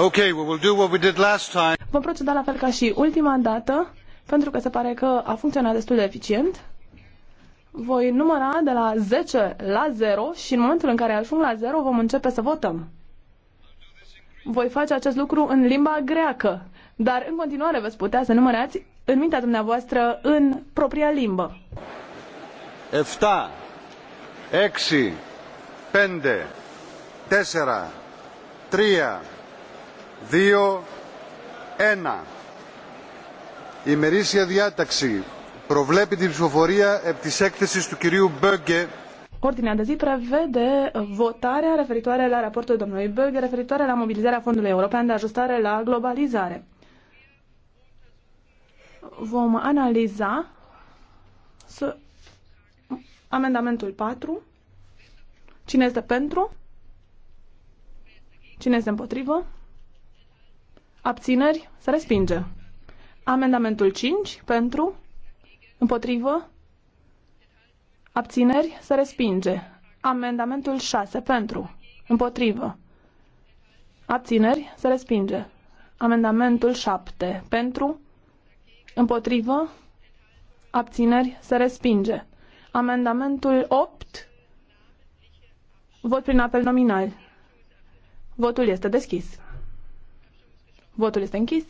Okay, we will do what we did last time. Vom proceda la fel ca și ultima dată, pentru că se pare că a funcționat destul de eficient. Voi număra de la 10 la 0 și în momentul în care ajung la 0 vom începe să votăm. Voi face acest lucru în limba greacă, dar în continuare veți putea să numărați în mintea dumneavoastră în propria limbă. 7 6 5 4 3 2.1. Η ημερήσια διάταξη προβλέπει την ψηφοφορία επί της έκθεσης του κυρίου Μπέγκε Ordinea de zi prevede votarea referitoare la raportul domnului Böge referitoare la mobilizarea Fondului European de Ajustare la Globalizare. Vom analiza amendamentul 4. Cine este pentru? Cine este împotrivă? Abțineri? Se respinge. Amendamentul 5 pentru? Împotrivă? Abțineri? Se respinge. Amendamentul 6 pentru? Împotrivă? Abțineri? Se respinge. Amendamentul 7 pentru? Împotrivă? Abțineri? Se respinge. Amendamentul 8 Vot prin apel nominal. Votul este deschis. Votul este închis.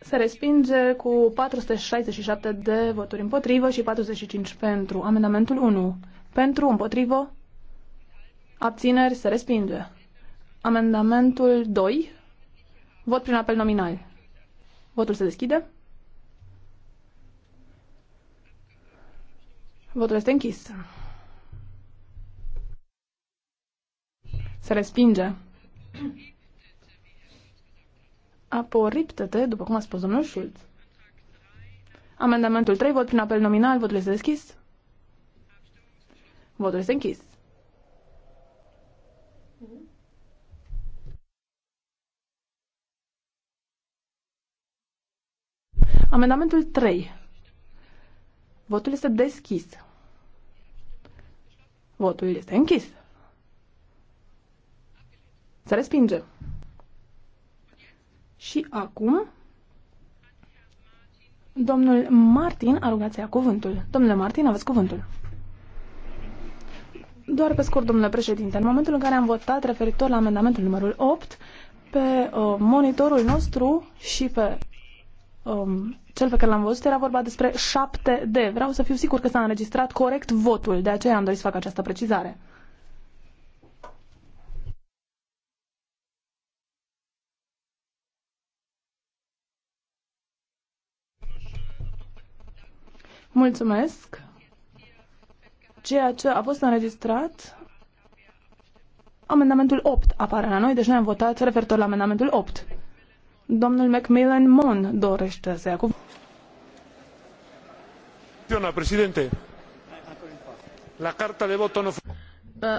Se respinge cu 467 de voturi împotrivă și 45 pentru. Amendamentul 1. Pentru, împotrivă, abțineri, se respinge. Amendamentul 2. Vot prin apel nominal. Votul se deschide. Votul este închis. Se respinge. Aporiptă-te, după cum a spus domnul Schulz. Amendamentul 3, vot prin apel nominal, votul este deschis. Votul este închis. Amendamentul 3. Votul este deschis. Votul este închis. Se respinge. Și acum, domnul Martin a rugat să ia cuvântul. Domnule Martin, aveți cuvântul. Doar pe scurt, domnule președinte, în momentul în care am votat referitor la amendamentul numărul 8, pe uh, monitorul nostru și pe um, cel pe care l-am văzut era vorba despre 7D. Vreau să fiu sigur că s-a înregistrat corect votul, de aceea am dorit să fac această precizare. Mulțumesc. Ceea ce a fost înregistrat, amendamentul 8 apare la noi, deci noi am votat referitor la amendamentul 8. Domnul Macmillan Mon dorește să ia cuvântul. președinte. La carta de vot nu...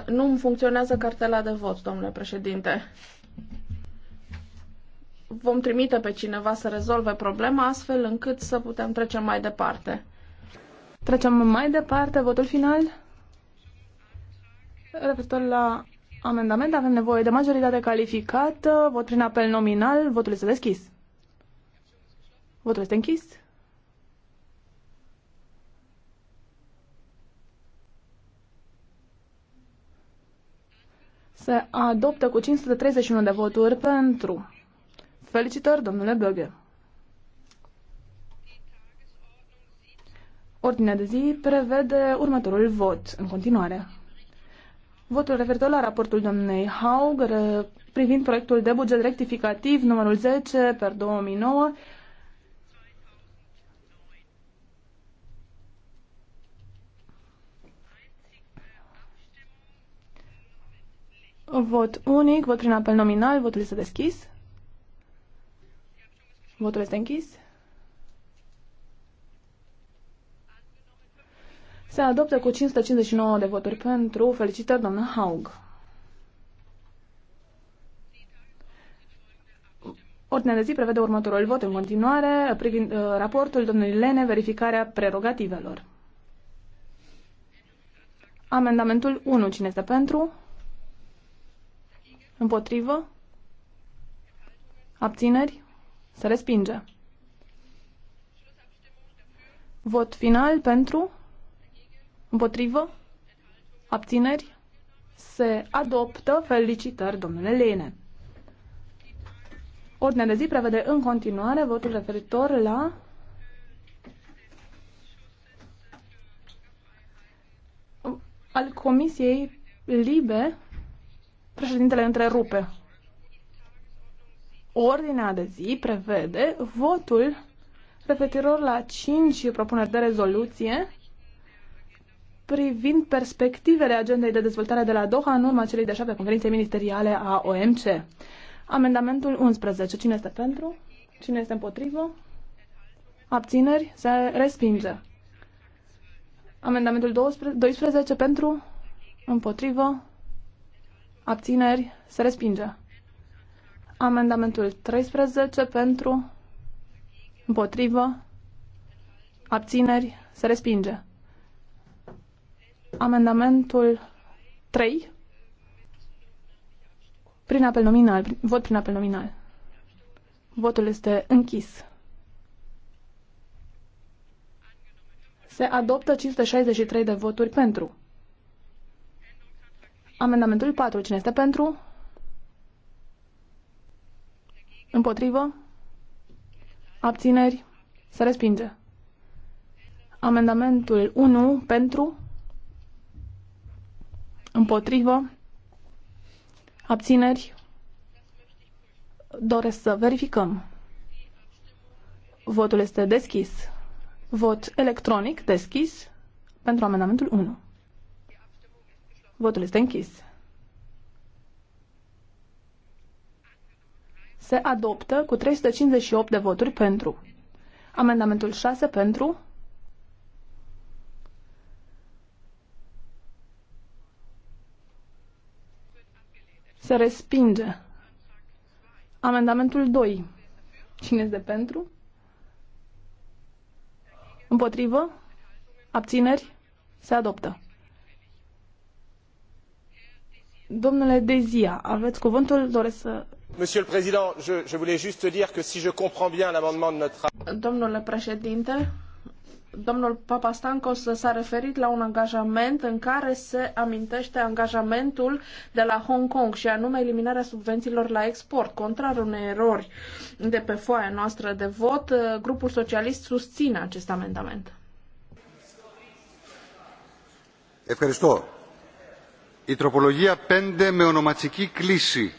Nu funcționează cartela de vot, domnule președinte. Vom trimite pe cineva să rezolve problema astfel încât să putem trece mai departe. Trecem mai departe, votul final. Referitor la amendament avem nevoie de majoritate calificată, vot prin apel nominal, votul este deschis. Votul este închis. Se adoptă cu 531 de voturi pentru. Felicitări, domnule Böge. Ordinea de zi prevede următorul vot în continuare. Votul referitor la raportul domnei Haug privind proiectul de buget rectificativ numărul 10 per 2009 Vot unic, vot prin apel nominal, votul este deschis. Votul este închis. se adoptă cu 559 de voturi pentru. Felicitări, doamna Haug. Ordinea de zi prevede următorul vot în continuare privind uh, raportul domnului Lene, verificarea prerogativelor. Amendamentul 1. Cine este pentru? Împotrivă? Abțineri? Se respinge. Vot final pentru? Împotrivă? Abțineri? Se adoptă. Felicitări, domnule Lene. Ordinea de zi prevede în continuare votul referitor la al Comisiei Libe. Președintele întrerupe. Ordinea de zi prevede votul referitor la 5 propuneri de rezoluție privind perspectivele agendei de dezvoltare de la Doha în urma celei de șapte conferințe ministeriale a OMC. Amendamentul 11. Cine este pentru? Cine este împotrivă? Abțineri? Se respinge. Amendamentul 12, 12 pentru? Împotrivă? Abțineri? Se respinge. Amendamentul 13 pentru? Împotrivă? Abțineri? Se respinge. Amendamentul 3 prin apel nominal, vot prin apel nominal. Votul este închis. Se adoptă 563 de voturi pentru. Amendamentul 4. Cine este pentru? Împotrivă? Abțineri? Se respinge. Amendamentul 1 pentru? Împotrivă? Abțineri? Doresc să verificăm. Votul este deschis. Vot electronic deschis pentru amendamentul 1. Votul este închis. Se adoptă cu 358 de voturi pentru. Amendamentul 6 pentru. Se respinge. Amendamentul 2. Cine este pentru? Împotrivă? Abțineri? Se adoptă. Domnule Dezia, aveți cuvântul, doresc să... Monsieur le Président, je, je voulais juste dire que si je comprends bien l'amendement de notre... Domnule președinte, domnul Papastancos s-a referit la un angajament în care se amintește angajamentul de la Hong Kong și anume eliminarea subvențiilor la export. Contrar unei erori de pe foaia noastră de vot, uh, grupul socialist susține acest amendament. Ευχαριστώ. Η τροπολογία 5 με ονοματική κλίση.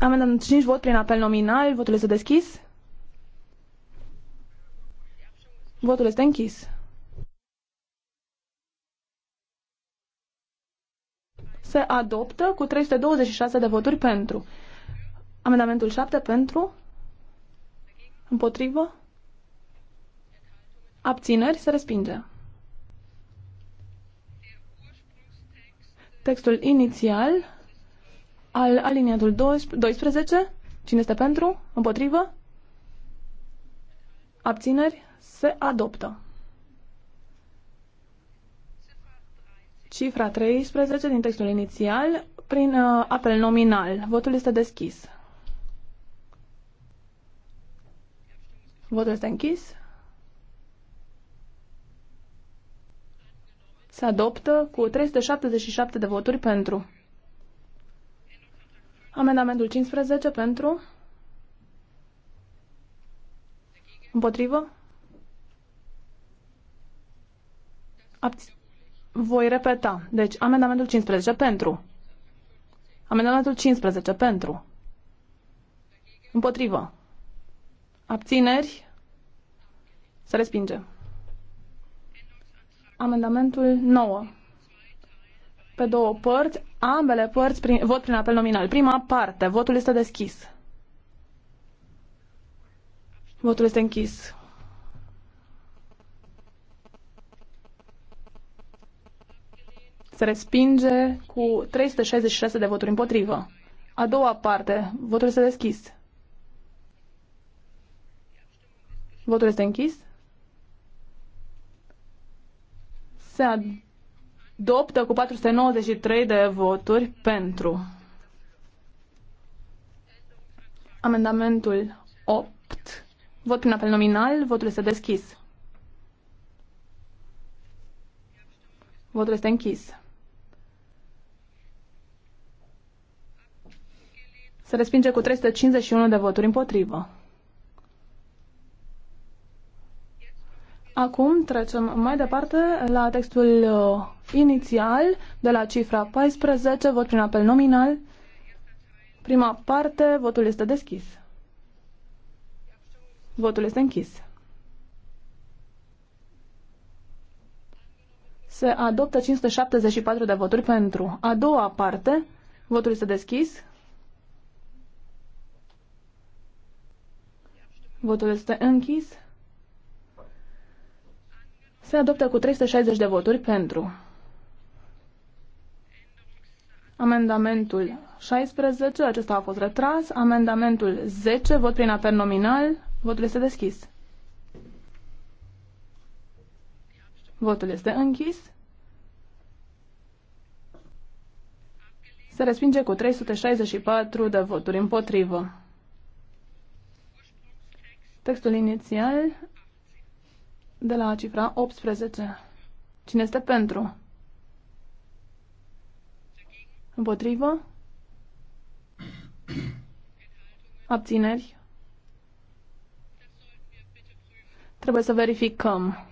Amendamentul 5, vot prin apel nominal. Votul este deschis. Votul este închis. Se adoptă cu 326 de voturi pentru. Amendamentul 7 pentru. Împotrivă. Abțineri se respinge. Textul inițial al aliniatul 12. Cine este pentru? Împotrivă? Abțineri? Se adoptă. Cifra 13 din textul inițial prin uh, apel nominal. Votul este deschis. Votul este închis. Se adoptă cu 377 de voturi pentru. Amendamentul 15 pentru. Împotrivă? Abț- Voi repeta. Deci, amendamentul 15 pentru. Amendamentul 15 pentru. Împotrivă. Abțineri? Să respinge. Amendamentul 9. Pe două părți, ambele părți prin, vot prin apel nominal. Prima parte, votul este deschis. Votul este închis. Se respinge cu 366 de voturi împotrivă. A doua parte. Votul este deschis. Votul este închis. Se adoptă cu 493 de voturi pentru. Amendamentul 8 Vot prin apel nominal. Votul este deschis. Votul este închis. Se respinge cu 351 de voturi împotrivă. Acum trecem mai departe la textul uh, inițial de la cifra 14, vot prin apel nominal. Prima parte, votul este deschis. Votul este închis. Se adoptă 574 de voturi pentru. A doua parte, votul este deschis. Votul este închis. Se adoptă cu 360 de voturi pentru. Amendamentul 16, acesta a fost retras. Amendamentul 10, vot prin apel nominal. Votul este deschis. Votul este închis. Se respinge cu 364 de voturi împotrivă. Textul inițial de la cifra 18. Cine este pentru? Împotrivă? Abțineri? Trebuie să verificăm.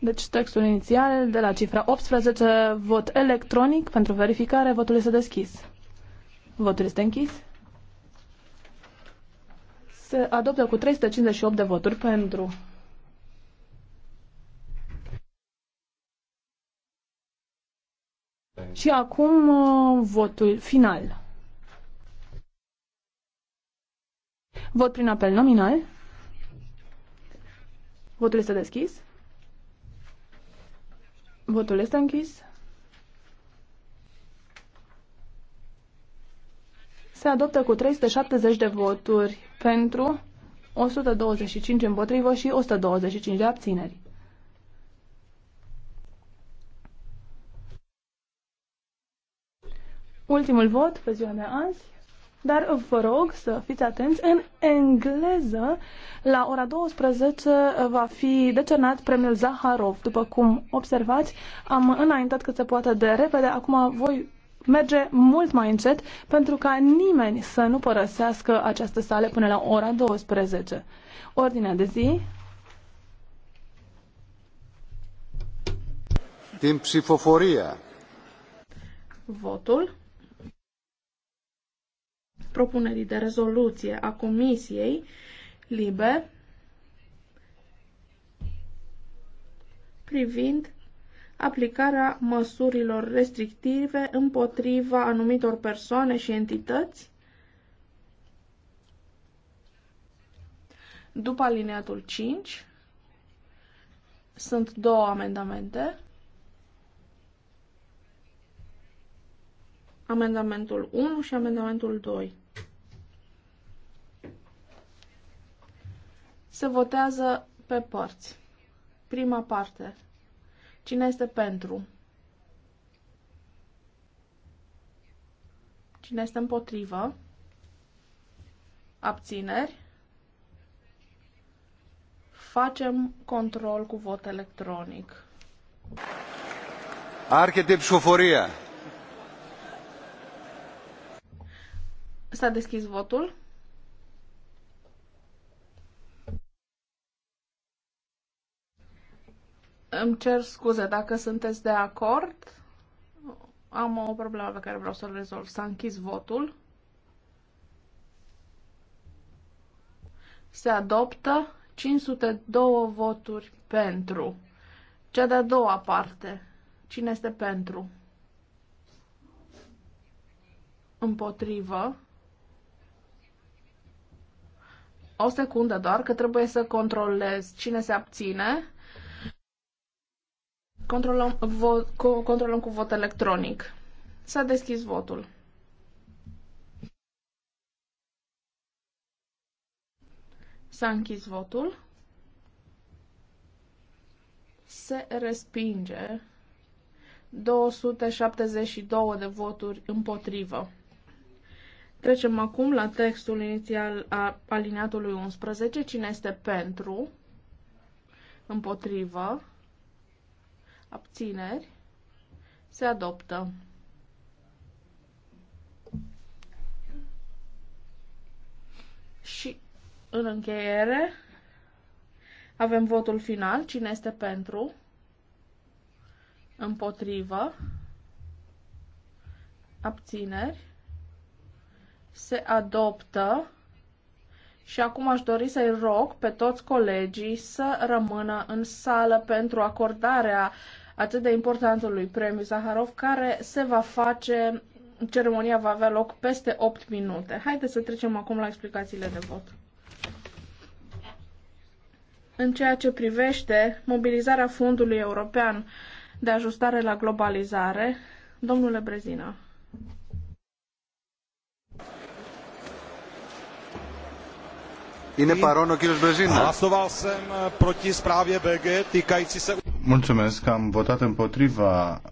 Deci textul inițial de la cifra 18, vot electronic pentru verificare, votul este deschis. Votul este închis. Se adoptă cu 358 de voturi pentru. Și acum uh, votul final. Vot prin apel nominal. Votul este deschis. Votul este închis. Se adoptă cu 370 de voturi pentru, 125 împotrivă și 125 de abțineri. Ultimul vot pe ziua de azi dar vă rog să fiți atenți. În engleză, la ora 12 uh, va fi decernat premiul Zaharov. După cum observați, am înaintat cât se poate de repede. Acum voi merge mult mai încet pentru ca nimeni să nu părăsească această sale până la ora 12. Ordinea de zi. Din psifoforia. Votul propunerii de rezoluție a Comisiei Libe privind aplicarea măsurilor restrictive împotriva anumitor persoane și entități După alineatul 5 sunt două amendamente. Amendamentul 1 și amendamentul 2. Se votează pe părți. Prima parte. Cine este pentru? Cine este împotrivă? Abțineri? Facem control cu vot electronic. Arhetip șoforia. S-a deschis votul. Îmi cer scuze dacă sunteți de acord. Am o problemă pe care vreau să o rezolv. S-a închis votul. Se adoptă 502 voturi pentru. Cea de-a doua parte. Cine este pentru? Împotrivă. O secundă doar, că trebuie să controlez cine se abține. Controlăm, vot, controlăm cu vot electronic. S-a deschis votul. S-a închis votul. Se respinge 272 de voturi împotrivă. Trecem acum la textul inițial a alineatului 11. Cine este pentru? Împotrivă? abțineri, se adoptă. Și în încheiere avem votul final. Cine este pentru? Împotrivă? Abțineri? Se adoptă. Și acum aș dori să-i rog pe toți colegii să rămână în sală pentru acordarea uh, atât de importantului premiu Zaharov, care se va face, ceremonia va avea loc peste 8 minute. Haideți să trecem acum la explicațiile de vot. În ceea ce privește mobilizarea Fondului European de Ajustare la Globalizare, domnule Brezina. Brezina. Hlasoval jsem eh, proti zprávě BG týkající se... Mulțumesc, am votat împotriva